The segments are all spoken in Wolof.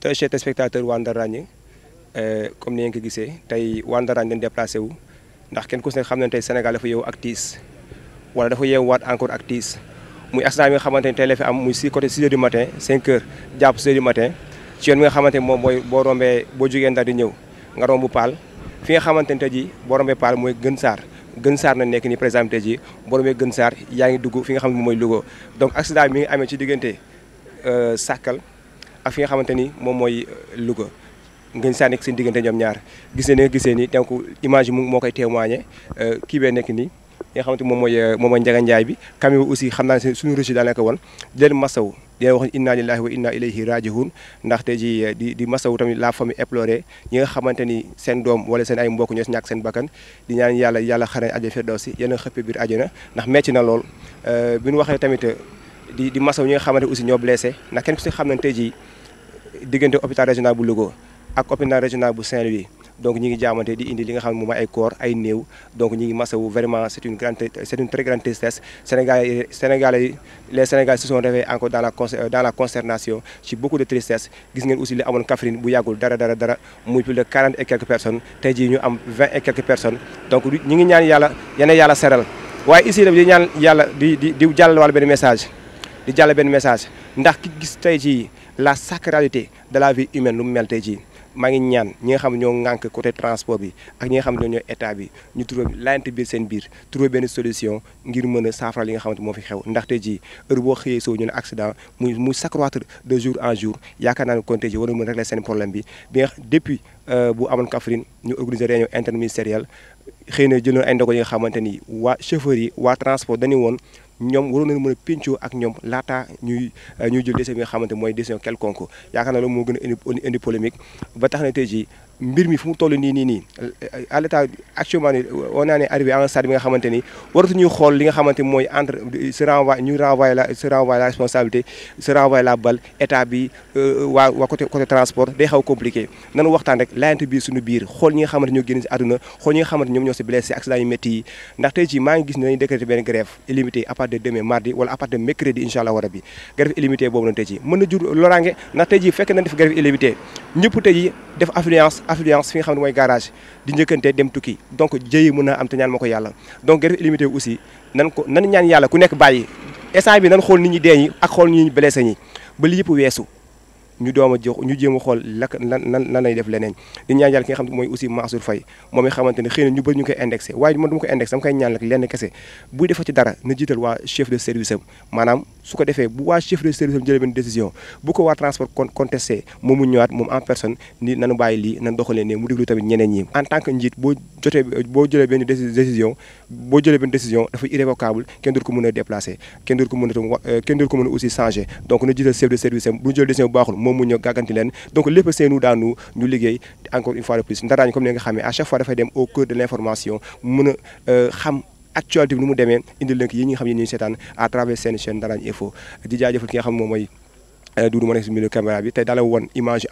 te chers téléspectateurs waa Ndaraañ euh, comme ni ngeen ko gisee tey waa Ndaraañ dañ déplacé wu ndax kenn ku si ne xam ne tey Sénégal dafa yeewu ak tiis wala dafa yeewuwaat encore ak tiis muy accident bi nga xamante ne tey la am muy si côté 6 jàpp 6 heures du matin ci nga xamante ne moom mooy boo rombee boo jógee Ndar di ñëw nga rombu Paal fi nga xamante ne tey jii boo rombee Paal mooy gën saar gën saar na nekk ni par exemple tey jii boo rombee gën saar yaa ngi dugg fi nga xam moom mooy lugo donc accident bi mi ngi amee ci diggante euh, Sakal ak fi nga xamante ni moom mooy euh, Louga ngeen saa nekk seen diggante ñoom ñaar gis ne ni nga gisee ni donc image yi moo koy témoigné euh, kii bee nekk nii nga xamante moom mooy euh, moom mooy Ndiaga Ndiaye bi kami aussi xam naa ne suñu régi daa nekk woon di leen masaw di leen wax inna lillahi wa inna ndaxte ji di di masaw tamit la famille éplorée ñi nga xamante ni seen doom wala seen ay mbokk ñoo si ñaak seen bakkan di ñaan yàlla yàlla xare ajo firdawsi yéen a xëppe biir na ndax metti na lool bi ñu waxee tamit di di masaw ñi nga xamante aussi ñoo blessé ndax kenn ku si xam ne jii diggante hôpital régional bu Louga ak hôpital régional bu Saint-Louis donc ñi ngi jaamante di indi li nga xam ne moom ay corps ay néew donc ñi ngi masawu vraiment c' est une une grande tristesse Sénégal Sénégalais les Sénégalais se sont réveillés encore dans la euh, dans la consternation ci beaucoup de tristesse gis ngeen aussi li amoon Kaffrine bu yàggul dara dara dara muy plus de quarante et quelques personnes tey jii ñu am vingt et quelques personnes donc ñi ngi ñaan yàlla yene yàlla seral waaye ici daf di ñaan yàlla di di di jàllal wàll benn benn message ndax ki gis tey jii la sacralité de la vie humaine lu mu mel tey jii maa ngi ñaan ñi nga xam ñoo ŋànk côté transport bi ak ñi nga xam ñoo ñooy état bi ñu trouvé laajante biir seen biir trouvé benn solution ngir mën a saafara li nga xamante moo fi xew ndaxte ji heure boo xëyee soo ñu ne accident muy muy s'accroître de jour en jour yaakaar naa ne kon tey ji war na mën a régler seen problème bi bi nga depuis euh, bu amoon Kaffrine ñu organiser réunion interministérielle xëy na jëloon ay ndogo yi nga xamante ni waa chauffeur yi waa transport dañu woon ñoom waroon nañu mën a péncoo ak ñoom laata ñuy euh, ñuy jël décision bi nga xamante mooy décision quelconque yaakaar naa loolu moo gën a indi indi mi fu mu toll nii nii nii à l'état nga xamante ni waratuñu xool li nga xamante mooy entre se renvoyer ñu renvoyer la se renvoyer la responsabilité se renvoyer la balle état bi euh, waa waa côté côté transport day xaw compliqué nanu waxtaan rek laajante biir suñu biir xool ñi nga xamante ñoo ñoom si blessé accident yu métti yi ndax tey maa ngi gis ne nañu décrété benn grève illimité à de demain mardi wala à de mercredi incha allah warabi grève illimité boobu noonu tey mën na jur loraange ndax tey fekk nañ def grève illimité ñëpp tey def affluence affluence fi xam ne mooy garage di njëkkante dem tukki donc jëyi mën a am te ñaan ma ko yàlla donc grève illimité aussi nan ko nan ñaan yàlla ku nekk bàyyi instant bi nan xool nit ñi dee ñi ñu doom a jox ñu jéem a xool lak lan lan lan lay def leneen di ñaan yàlla ki mooy aussi Mansour Faye moom i xamante ne xëy na ñu bëri ñu koy indexé waaye man du ma koy indexé dama koy ñaan lak lenn kese buy defar ci dara na jiital waa chef de service am maanaam su ko defee bu waa chef de service am jëlee benn décision bu ko waa transport con contesté moom mu ñëwaat moom en personne ni nanu bàyyi lii nan doxalee ne mu déglu tamit ñeneen ñi en tant que njiit boo jotee boo jëlee benn décision boo jëlee benn décision dafa irrévocable kenn dootu ko mën a déplacé kenn dootu ko mën a euh, kenn dootu ko mën a aussi changé donc na jiital chef de service am bu ñu jëlee décision bu baaxul moom mu ñëw gàgganti leen donc lépp seenu daanu ñu liggéey encore une fois de plus ndaraañu comme actualité bi mu demee indil leen yi ñi nga xam ne ñuy seetaan à seen chaîne di jaajëfal ki nga xam moom mooy euh, Doudou moo nekk si milieu caméra bi tey daala won image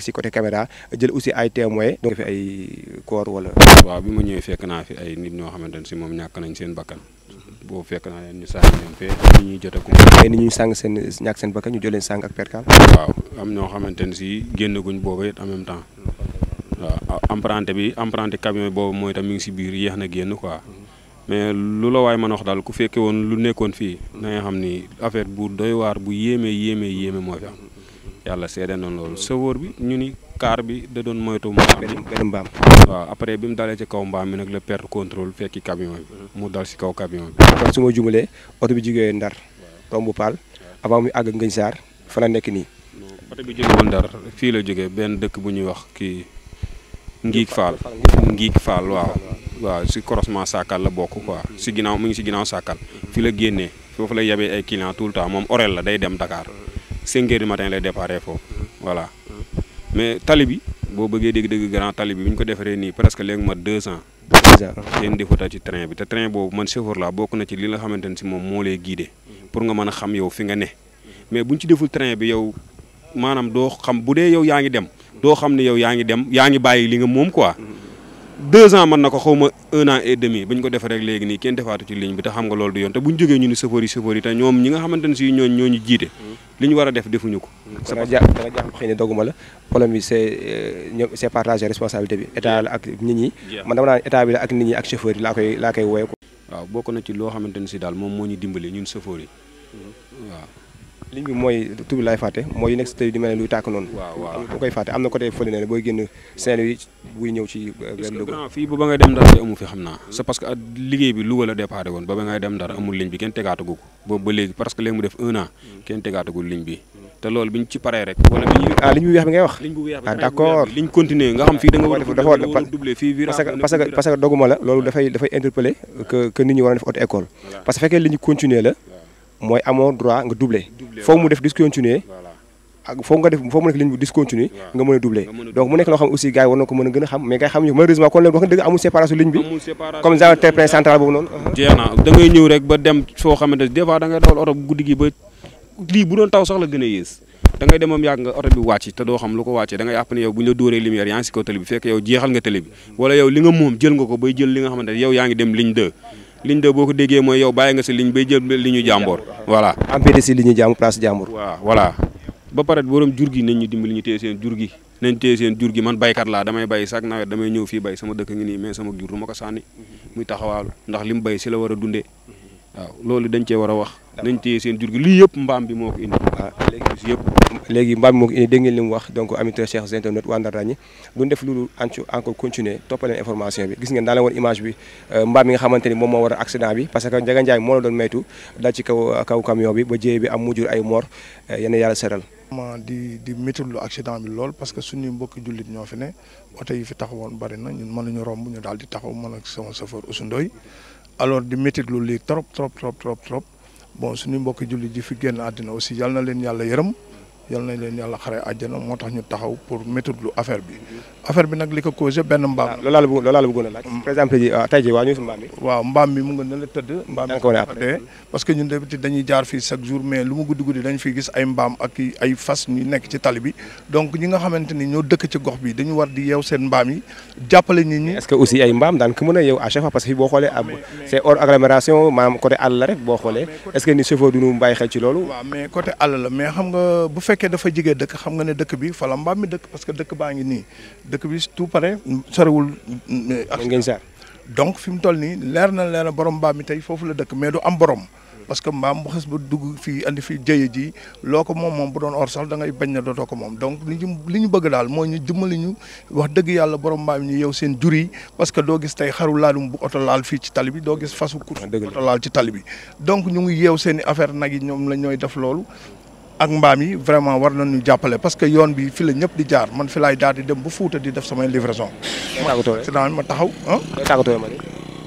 si côté caméra jël aussi ay témoins waaw bi ma ñëwee fekk naa fi ay nit ñoo xamante ne si moom ñàkk nañ seen bakkan boobu fekk naa ñu sàng leen fee ni ñuy jot a ay ni ñuy sàng seen ñàkk seen leen sàng ak percal waaw am ñoo xamante ne si génnaguñ boobu it en même temps waaw emprunté bi emprunté camion boobu mooy tam mi ngi si biir yeex na génn quoi mais lu la waay mën a wax daal ku fekkee woon lu nekkoon fii na nga xam ni affaire bu doy waar bu yéeme yéeme yéeme moo fi am yàlla seede na loolu sëwóor bi ñu ni kaar bi da doon moytu mbaam waaw après bi mu dalee ci kaw mbaam mi nag la perte contrôle fekki camion bi mu dal si kaw camion bi kon su ma jumalee oto bi jógee Ndar tombu Paal avant muy àgg Ngëñ Saar fa la nekk nii oto bi jógee woon fii la jógee benn dëkk bu ñuy wax kii Ngiig Faal Ngiig Faal waaw waaw si croisement Sakal la bokk quoi si ginnaaw mu ngi si ginnaaw Sakal fi la génnee foofu la yebee ay client tout le temps moom orel la day dem Dakar 5 heures du matin lay déparé foofu voilà mais tali bi boo bëggee dégg-dégg grand tali bi bu ñu ko defaree nii presque léegi ma deux ans kenn defuta ci bi te train boobu man chauffeur la bokk na ci li nga xamante ne si moom moo lay guidé pour nga mën a xam yow fi nga ne mais bu ñu ci deful train bi yow maanaam doo xam bu dee yow yaa ngi dem doo xam ne yow yaa ngi dem yaa ngi bàyyi li nga moom quoi deux ans mën na ko xaw ma un an et demi ba ñu ko defee rek léegi nii kenn defaatu ci ligne bi te xam nga loolu du yoon te bu ñu jógee ñu ni chauffeur yi chauffeur te ñoom ñi nga xamante si ñooñu jiite li ñu war a def defuñu ko danga jàpp xëy na doguma la problème bi c'est euh, responsabilité bi état la ak nit ñi man dama naan état bi la ak nit ñi ak chauffeur laa koy laa koy wooye ko waaw bokk na ci loo xamante ne si daal moom moo ñu dimbali ñun chauffeur yi mm-hmm. waaw ligne bi mooy tur bi laay mooy yu nekk di mel luy tàkk noonu. waaw koy fàtte am na côté fële ne booy génn Saint-Louis buy ñëw ci. vers euh, la déparé woon ba ba doguma la loolu dafay interpeller que nit ñi war def auto école parce que fekkee ligne continuer la mooy amoo droit nga doublé foo mu def discontinuer ak mu nekk ligne bu discontinuer nga mën a donc mu nekk loo xam aussi gars yi war na ko mën a gën a xam mais gars yi xam ñu malheureusement kon leen wax dëgg na da ngay dem a yées da ngay demoom yàgg yaa ngi li nga moom jël nga yaa ngi dem ligne 2 ligne 2 boo ko déggee mooy yow bàyyi nga si ligne bay jël li ñu jàmboor voilà empêché si li ñu jàmm place jàmbur waaw voilà ba pare borom jur gi nañ ñu dimbali ñu téye seen jur gi nañ téye seen jur gi man baykat laa damay bay chaque nawet damay ñëw fii bay sama dëkk ngi nii mais sama jur du ko sànni muy taxawaalu ndax li bay si la war a dundee waaw loolu dañ cee war a wax nañ téye seen jur gi lii yëpp mbaam bi moo ko indi waaw si yëpp léegi mbaam moo ngi dégg mu wax donc amit chers internautes waa Ndar ñi duñ def loolu anco encore continuer toppaleen information bi gis ngeen daa la woon image bi euh, mbaam mi nga xamante moom moo war a accident bi parce que Njaga Njaay moo la doon maytu dal ci kaw kaw bi ba jéye bi am mujjur ay mort euh, yenn yàlla seral di di métitlu accident bi lool parce que suñuy mbokki jullit ñoo fi ne oto yi fi tax woon bari na ñun mënuñu romb ñu daal di taxaw mën ak sama chauffeur Ousou Ndoye alors di métitlu lii trop trop trop trop trop bon suñuy mbokki jullit ji fi génn àddina aussi yàlla na leen yàlla yërëm yal nañ leen yàlla moo tax ñu taxaw pour méthode affaire bi affaire bi nag li ko causé benn mbaam. loolu laa la laaj. Mm. par exemple euh, ji waa ñu mbaam mbaam bi mu nga ne tëdd. mbaam bi parce que ñun d'habitude dañuy ñu nekk ci tali bi donc ñi nga xamante ñoo dëkk ci gox bi dañu war di yeew seen mbaam yi jàppale nit ñi. est-ce que aussi ay mbaam daan ko mën a yeew à chaque fois parce que fii boo xoolee ab c'est hors agglomération maanaam côté est fekkee dafa jigee dëkk xam nga ne dëkk bi fala mbaam mi dëkk parce que dëkk baa ngi nii dëkk bi tout pare sorewul mm, donc fi mu toll nii leer na leer borom mbaam mi tey foofu la dëkk mais du am borom parce que mbaam bu xas dugg fii andi fii jëye ji loo ko moom moom bu doon or sax da ngay bañ na dootoo ko moom donc li ñu li ñu bëgg daal mooy ñu dimbali ñu wax dëgg yàlla borom mbaam ñu yow seen jur parce que doo gis tey xaru laalum bu oto laal fii ci tali bi doo gis fasu kur ah, oto laal ci tali bi donc ñu ngi yeew seeni i nag yi ñoom la ñooy def loolu ak mbaam yi vraiment war na ñu jàppale parce que yoon bi fi la ñëpp di jaar man fi laay daal di dem ba Fuuta di def samay livraison. accident bi ma taxaw ah.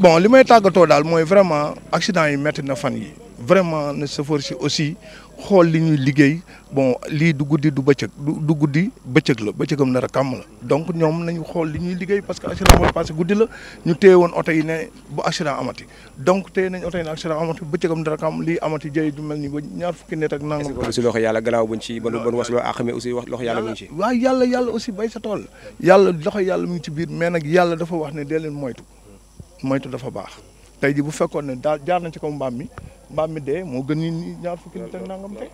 bon li may tàggatoo daal mooy vraiment accident yi métti na fan yi vraiment na chauffeur si aussi xool li ñuy liggéey bon lii du guddi du bëccëg du du guddi bëccëg la bëccëgam nar a kàmm la donc ñoom xool li ñuy liggéey parce que accident mooy passé guddi la ñu téye woon oto yi ne bu accident amati donc téye nañ oto yi ne accident amati bëccëgam nar a kàmm lii amati jëye mel ni ba ñaar fukki nit ak nangam si loxo yàlla gannaaw buñ ci ban ban wasloo axame aussi wax loxo yàlla sa tool yàlla loxo yàlla mu ngi ci biir mais nag yàlla dafa wax ne dee leen moytu moytu dafa baax tey ji bu fekkoon ne daal jaar nañ ci kaw mbaam mi mbaam mi dee moo gën ni ñaar fukki nit ak nangam tey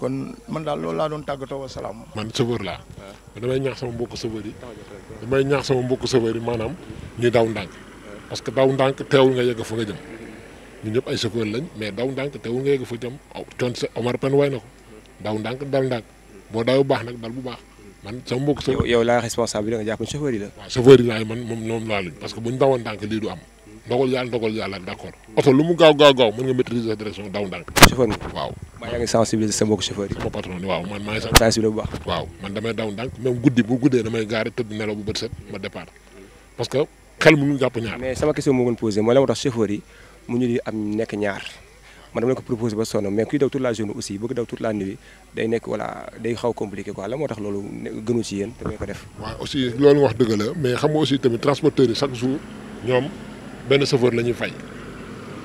kon man daal loolu laa doon tàggatoo wa salaam. man chauffeur laa damay ñaax sama mbokku chauffeur yi damay ñaax sama mbokku chauffeur yi maanaam ñu daw ndànk parce que daw ndànk teewul nga yegg fa nga jëm ñun ñëpp ay chauffeur lañ mais daw ndànk teewul nga yegg fa jëm coon sa Omar Pène way na ko daw ndànk dal ndànk boo dawee bu baax nag dal bu baax man sama mbokku. yow yow laa responsable da nga jàpp ne chauffeur yi la. waaw chauffeur yi laay man moom ñoom laa luñ parce que buñ dawoon ndànk lii du am. dogal d' accord oto lu mu gaaw gaaw gaaw mën nga maîtriser sa direction daw ndànk. chauffeur nga waaw. maa yaa ngi sensibiliser sa mbokk chauffeur yi. sama patron waaw bu baax. parce que xel mu ngi jàpp ñaar. mais sama question moo gën posé mooy la ma tax chauffeur yi mu ñu di am nekk ñaar man dama la ko ba sonn mais kuy daw toute la journée aussi bëgg ko def. waaw aussi wax dëgg la mais xam aussi tamit yi chaque jour ñoom benn chauffeur la ñuy fay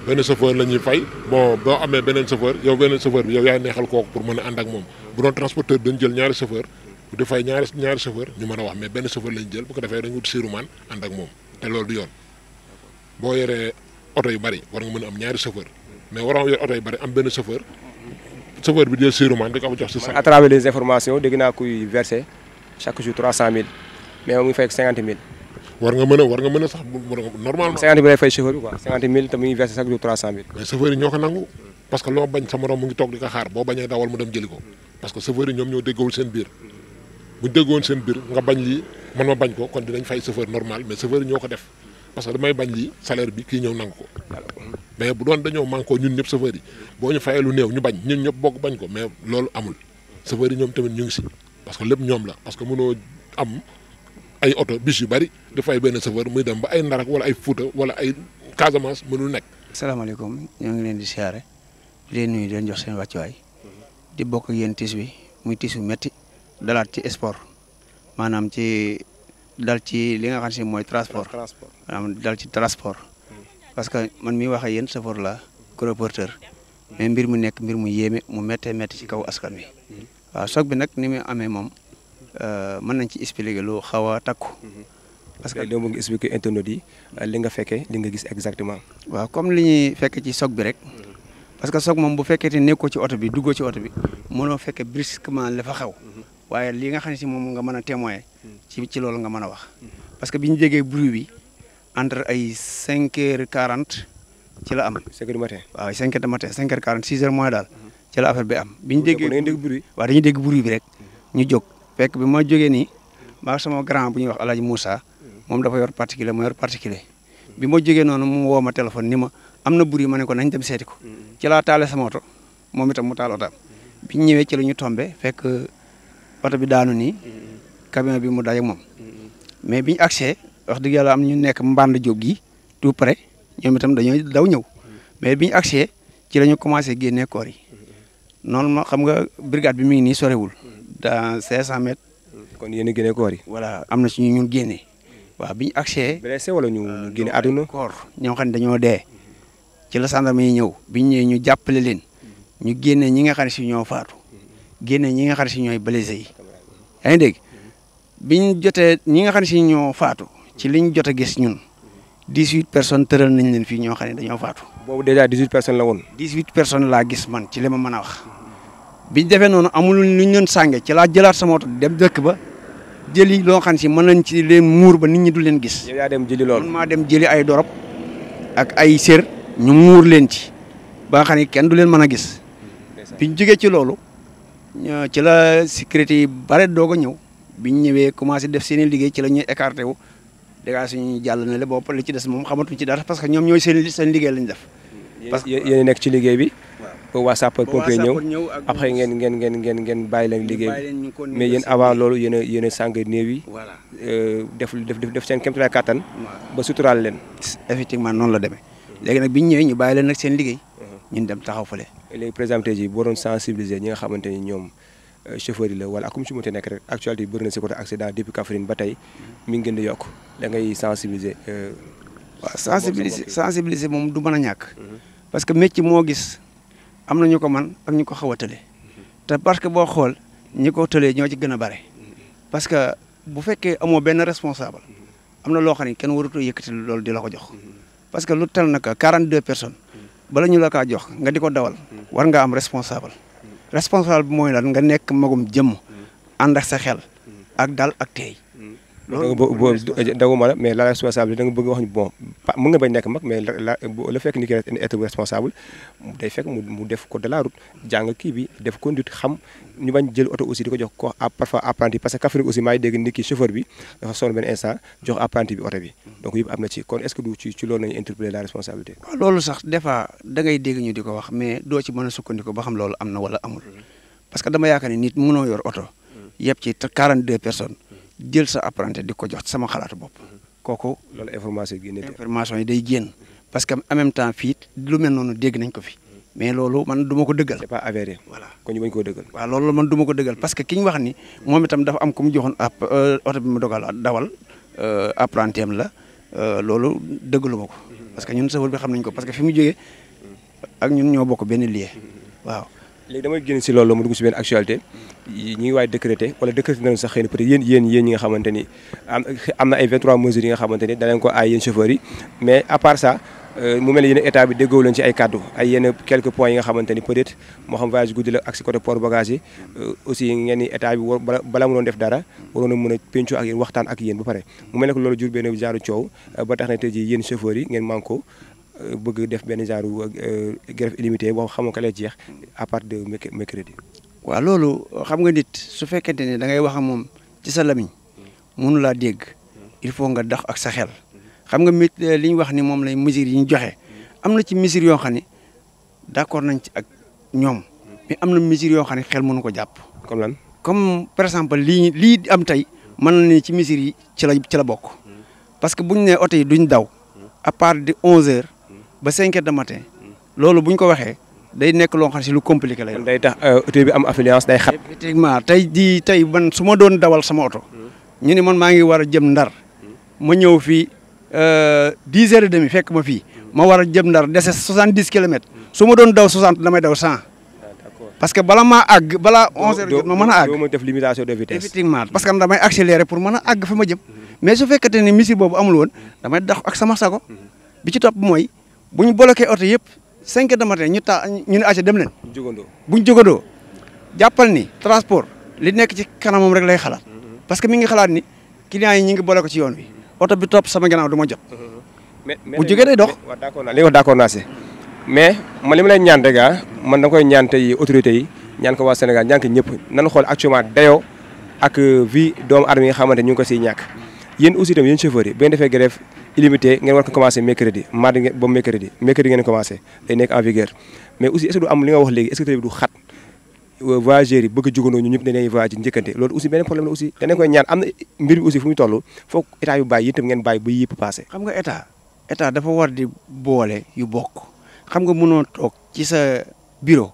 benn chauffeur la ñuy fay bo boo amee beneen chauffeur yow beneen chauffeur bi yow yaay neexal kooku pour mën a ànd ak moom bu doon transporteur dañu jël ñaari chauffeur di fay ñaari ñaari chauffeur ñu mën a wax mais benn chauffeur la ñu jël bu ko defee dañu wut siirumaan ànd ak moom te loolu du yoon boo yoree oto yu bari war nga mën am ñaari chauffeur mais waroo yor oto yu bari am benn chauffeur chauffeur bi jël siirumaan di ko jox si. à travers les dégg naa kuy verser chaque jour 300000 mais mu ngi fay 50000. war nga mën a war nga mën a sax normalement. 50 bi lay fay chauffeur bi bañ ko kon dinañ fay chauffeur normal mais chauffeur yi ñoo ko def que damay bañ lii salaire bi kii ñëw nangu ko mais bu ñëpp chauffeur yi boo ñu lu néew ñu bañ ñun ñëpp bokk bañ tamit ñu ngi si parce que lépp ñoom la parce que mënoo am ay oto bis yu bari dafa ay benn chauffeur muy dem ba ay Ndar ak wala ay Fuuta wala ay Casamance mënul nekk. salaamaaleykum ñoo ngi leen di siyaare di leen nuyu di leen jox seen waay di bokk ak yéen tiis bi muy tiis bu métti dalaat ci sport maanaam ci dal ci li nga xam si mooy transport maanaam dal ci transport parce que man mi wax ak yéen chauffeur la colporteur mais mbir mu nekk mbir mu yéeme mu méttee métti ci kaw askan wi mm-hmm. waaw soog bi nag ni muy amee moom. Euh, mën nañ ci expliquer lu xaw a takku. Mhm. parce que doo bëgg expliquer internet yi euh, li nga fekkee li nga gis exactement. waaw comme li ñu fekkee ci choc bi rek. Mhm. parce que soog moom bu fekkee nekkoo ci oto bi duggoo ci oto bi mënoo fekkee brusquement la fa xew mhm. waaye li nga xam ne si moom nga mën a témoin ci ci loolu nga mën a wax parce que bi ñu déggee bruit bi entre ay cinq heures quarante ci la am. cinq heures du matin waaw cinq heures du matin cinq heures daal ci am. bi ñu dégg bruit bi rek ñu jog fekk bi ma jógee nii maa sama grand bu ñuy wax Alaaji Moussa moom dafa yor particulier ma yor particulier bi ma jógee noonu moom woo ma téléphone ni ma am na buri ma ne ko nañ dem seeti ko ci laa taale sama oto moom itam mu taal otaam bi ñu ñëwee ci la ñu tombe fekk oto bi daanu nii camion bi mu daje moom mais bi ñu accès wax dëgg yàlla am ñu nekk mbànd jóg gi tout près ñoom itam dañoo daw ñëw mais bi ñu accès ci la ñu commencé génnee koor yi noonu ma xam nga brigade bi mi ngi nii sorewul cinq cent mètres. kon yéen a génne koor yi. voilà am na si ñu génne. waaw bi ñu agsee. blessé euh, ñu génne àdduna. koor ñoo xam ne dañoo dee. ci la gendarme yi ñëw biñ ñu ñu jàppale leen. ñu génne ñi nga xam ne si ñoo faatu. génne ñi nga xam si ñooy bale yi. yaa ngi dégg bi ñu jotee ñi nga xam ne si ñoo faatu. ci li ñu jot a gis ñun. dix huit personnes tëral nañ leen fii ñoo xam ne dañoo faatu. boobu déjà dix huit la woon. dix huit personnes laa gis man ci li ma mën a wax. biñ defee noonu amul luñ leen sànge ci laa jëlaat sama oto dem dëkk ba jëli loo xam si mën nañ ci leen muur ba nit ñi du leen gis. yow yaa dem jëli loolu maa dem jëli ay dorop ak ay sér ñu muur leen ci ba nga xam du leen mën a gis. biñ jógee ci loolu ci la sécurité yi bare doog a ñëw biñ ñëwee commencé def seen liggéey ci la ñuy écarté wu. dégg suñu jàll na le bopp li ci des moom xamatuñ ci dara parce que ñoom ñooy seen seen liggéey lañ def. parce que nekk ci liggéey bi. waa sapeur pompier ñëw après ngeen ngeen ngeen ngeen ngeen bàyyi leen liggéey mais yéen avant loolu yéen a yéen a euh, def def def seen kéemtulaay kàttan ba suturaal leen effectivement noonu la demee léegi nag bi ñu ñëwee ñu bàyyi leen nag seen liggéey mhm. ñun dem taxaw fale léegi présenté ji boo doon sensibiliser ñi nga xamante ni ñoom euh, chauffeur yi la wala akum si mu nekk rek actualité yi bëri na si côté accident depuis ba tey mhm. mi ngi gën di yokk da ngay sensibiliser euh, waaw sensibiliser sensibiliser moom du mën a ñàkk mhm. am na ñu ko man ak ñu ko xaw a tële te parce que boo xool ñi ko tëlee ñoo ci gën a bare parce que bu fekkee amoo benn responsable am na loo xam ne kenn warutoo yëkkati loolu di la ko jox parce que lu tel nag quarante 42 personnes bala ñu la kaa jox nga di ko dawal war nga am responsable responsable bi mooy lan nga nekk magum jëmm ànd ak sa xel ak dal ak teey Eh, dagu ma la mais la responsabilité da nga bëgg wax ni bon mën nga mais la la fekk ni ki être responsable day kii bi def conduite xam ñu oto aussi jox ko ah, parfois apprenti parce que Kaffrine aussi maa ngi dégg nit ki chauffeur ñu di ko wax mais doo ci mën a sukkandiku ba xam loolu am na wala amul parce que dama yaakaar ni nit mënoo yor oto yëpp ci 42 personnes jël sa apprenti di ko jox sama xalaatu bopp. kooku loolu information yi information yi day génn parce que en même temps fii lu mel noonu dégg nañ ko fi mais loolu man duma ko dëggal. c'est pas avéré. voilà kon ñu bañ koo dëggal. waaw loolu man du ma ko dëggal parce que ki ñu wax ni moom itam dafa am ku mu joxoon ab euh, oto bi mu dogal a dawal euh, apprenti am la euh, loolu dëggalu ma ko. parce que ñun safar bi xam nañ ko parce que fi mu jógee ak ñun ñoo bokk benn lieu waaw. léegi damay génn si loolu mu dugg si benn actualité ñi ngi waay décrété wala décrété nañu sax xëy na yéen yéen yéen ñi nga xamante ni am am na ay 23 mesures yi nga xamante ni ko aay yéen chauffeurs yi mais à part ça euh, mu mel ne yéen état bi déggoo leen ci ay kàddu ay yenn quelques points yi nga xamante ni peut être moo xam voyage guddi la ak si côté port bagage euh, aussi ngeen ni état bi war bala mu def dara waroon a mën a ak yéen waxtaan ak yéen ba pare mu mel ne que loolu jur benn genre coow euh, ba tax na tey jii yéen chauffeurs yi bëgg def benn genre euh, grève illimité boo xamoo ko lay jeex à part de mercredi. waaw loolu xam nga nit su fekkente ne da ngay wax ak moom ci sa lamiñ munu laa dégg il faut nga dox ak sa xel xam nga mit euh, li ñu wax ni moom lañ mesures yi ñu joxe am na ci mesures yoo xam ne d'accord nañ ci ak ñoom mais am na mesures yoo xam ne xel mënu ko jàpp. comme lan comme par exemple lii lii am tey mën na ne ci mesures yi ci la ci la bokk parce que bu ñu nee oto duñ daw à de 11 heures. ba cinq heures de matin loolu bu ñu ko waxee day nekk loo xam si lu compliqué la. day tax oto euh, bi am affluence day xat. effectivement tey jii tey man su doon dawal sama oto. ñu ni man maa ngi war a jëm ndar. ma ñëw fii euh, dix heures et demi fekk ma fii. ma war a jëm ndar dese soixante dix kilomètres. su ma doon daw soixante damay daw cent. Ah, parce que bala maa àgg bala onze heures jot ma mën a àgg. doo ma def parce que damay accélérer pour mën a àgg fa ma jëm. Mm-hmm. mais su fekkente ne missile boobu amul woon damay dox ak sama sago. Mm-hmm. bi ci topp mooy. bu ñu bloqué oto yëpp 5 heures de matin ñu ta ñu ne acca dem leen. jógandoo bu ñu jàppal ni transport li nekk ci kanamam rek lay xalaat. parce que mi ngi xalaat ni clients yi ñu ngi bloqué ci yoon wi oto bi topp sama gànnaaw du ma jot. mais mais bu jógee day dox. waaw d'accord naa li nga wax naa si mais man li ma lay ñaan rek ah man da koy ñaan tey autorités yi ñaan ko waa Sénégal ñaan ko ñëpp nan xool actuellement dayoo ak vie doomu aadama yi nga xamante ñu ngi ko siy ñàkk yéen aussi tamit yéen chauffeurs yi bu ngeen defee illimité ngeen war ko commencé mercredi mardi ngeen ba mercredi mercredi ngeen commencé day nekk en vigueur mais aussi est ce que du am li nga wax léegi est ce que tamit du xat euh, voyageurs yi bëgg a ñu ñëpp dañuy voyage njëkkante loolu aussi benn problème la aussi danañ koy ñaan am na mbir ñu toll foog état yu bàyyi yéen tam ngeen bàyyi ba yëpp passé xam état dafa war di boole yu bokk xam nga mënoo toog ci sa bureau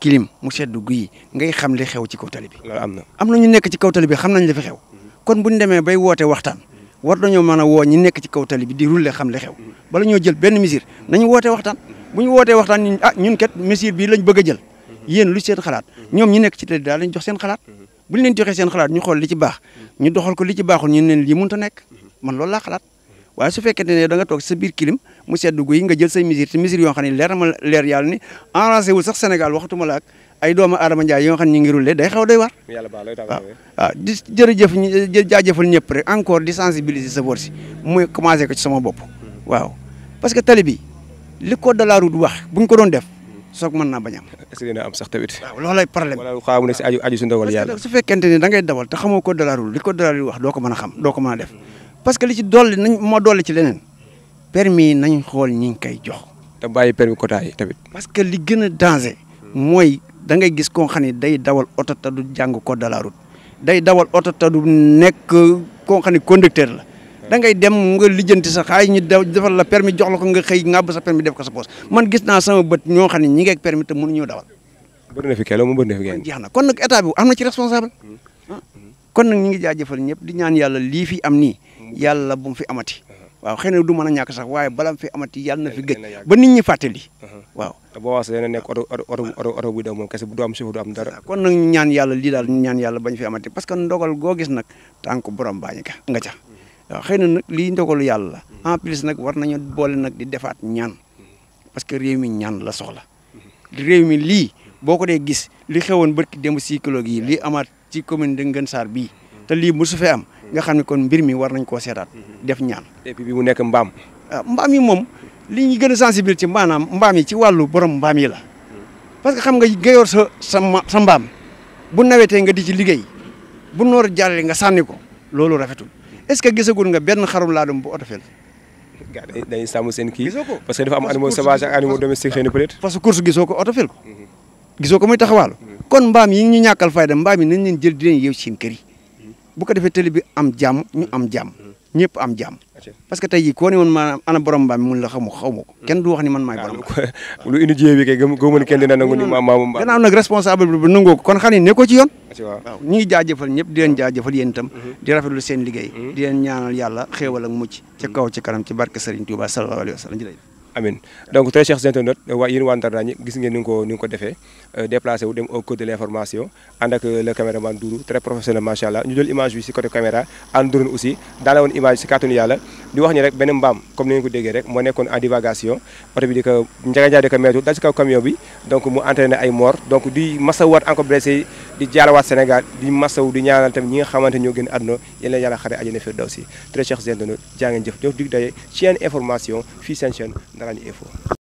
clim mu seddu guyi ngay xam li xew ci kaw tali bi am na am na ñu nekk ci kaw tali bi xam nañ li xew mm-hmm. kon buñu demee bay woote waxtaan war nañoo mën a woo ñi nekk ci kaw tali bi di rulle xam li xew bala ñoo jël benn misir nañu woote waxtaan bu ñu wootee waxtaan ñu ah, ñun kat mesure bi lañ bëgg a jël yéen lu seen xalaat ñoom ñu nekk ci tali daal lañ jox seen xalaat bu ñu leen joxee seen xalaat ñu xool li ci baax ñu doxal ko li ci baaxul ñu leen lii mënut nekk man loolu laa xalaat waaye su fekkente ne da toog sa biir kilim mu seddu guy nga jël say mesure te mesure yoo xam ne leer na ma leer yàlla ni arrangé wul sax Sénégal waxatuma la ak ay doomu aadama Ndiaye yoo nga xam ne ñu ngi rulle day xaw day war. di jërëjëf ñu jaajëfal ñëpp rek encore di sensibiliser sa bopp si muy commencé ko ci sama bopp. waaw parce que tali bi li ko de la route wax bu ko doon def soo mën naa bañ am. est ce que dina am sax tamit. waaw loolay problème wala xaamu si aju aju si ndawal yàlla. su fekkente ne da ngay te xamoo code de la route li code de la route doo ko mën a xam doo ko mën a def parce que li ci dolli nañ moo dolli ci leneen permis nañ xool ñi ngi koy jox. te bàyyi permis quota tamit. parce que gën a danger mooy da ngay gis koo xam ne day dawal oto te du ko code day dawal oto te du nekk koo xam ne conducteur la da ngay dem nga lijjanti sax xaay ñu defal la permis jox la ko nga xëy ngàbb sa permis def ko sa poos man gis naa sama bët ñoo xam ne ñi ngeeg permis te mënuñoo dawal. bëri na fi kenn mu bëri na fi kenn jeex na kon nag état bi am na ci responsable. Hmm. Ah. kon nag ñu ngi jaajëfal ñëpp di ñaan yàlla lii fi am nii hmm. yàlla bu mu fi amati. waaw xëy na du mën a ñàkk sax waaye balam fi amati yàlla na fi gëj ba nit ñi fàttali uh-huh. waaw boo wax dana nekk oto oto oto buy daw moom kese du am suuf doom am dara kon nag ñaan yàlla lii daal ñaan yàlla bañ fi amati parce que ndogal goo gis nag tànk borom baañi ka nga ca uh-huh. xëy na nag lii ndogalu yàlla la en plus nag war nañu boole nag di defaat ñaan parce que réew mi ñaan la soxla uh-huh. réew mi lii boo ko dee gis lii xewoon bërki démb cyclogue yi lii amaat ci commune de Ngën Saar bii te lii mosu fee am nga xam ne kon mbir mi war nañ koo seetaat mhm. def ñaan. et bi mu nekk mbaam. Ah, mbaam mi moom li ñu gën a sensibiliser ci maanaam mbaam yi ci wàllu borom mbaam yi la mhm. parce que xam nga nga yor sa sa sa mbaam bu nawetee nga di ci liggéey bu noor jàllee nga ko loolu rafetul est-ce que gisagul nga benn xarum laadum bu oto fël. que dafa ko oto fël ko. Mhm. gisoo ko muy taxawaalu. kon mbaam yi ñu ñàkkal fayda mbaam yi nañ leen jël di leen ci seen kër yi. bu ko defee télé bi am jàmm ñu am jàmm ñëpp am jàmm parce que tey jii koo ne woon maanaam ana borom mbaam mun la xamu xaw ma ko kenn du wax ni man maay borom ah, lu indi jiw bi kay gëmën kenn dina nangu ni ma responsable bi nangoo kon xam ne ne ko ci yoon ah, waaw ñu ngi jaajëfal ñëpp di leen jaajëfal yéen itam mm-hmm. di rafetlu seen liggéey mm-hmm. di leen ñaanal yàlla xéewal a mucc ca mm-hmm. kaw ci kanam ci barke Serigne Touba sallallahu alayhi wa sallam amin donc très chers internautes waa waa Ndar Raññ gis ngeen ni nga ko defee euh, déplacé wu dem au code de l'information ànd ak euh, le caméraman Doudou très professionnel macha allah ñu jël image bi si côté caméra ànd duroon aussi daana woon image si kàttanu yàlla di wax ni rek benn mbaam comme ni ngeen ko déggee rek moo nekkoon en divagation oto bi di ko njaganjaay di ko meetu dal ci kaw camion bi donc mu entraîné ay mort donc di masawaat encore blessé di jaalawaat Sénégal di masaw di ñaanal tamit ñi nga xamante ñoo gën àdduna yéen la yàlla xare ajana fir daw si très chers internautes jaa ngeen jëf ñoo dig daje ci information fii seen chaîne Ndar Info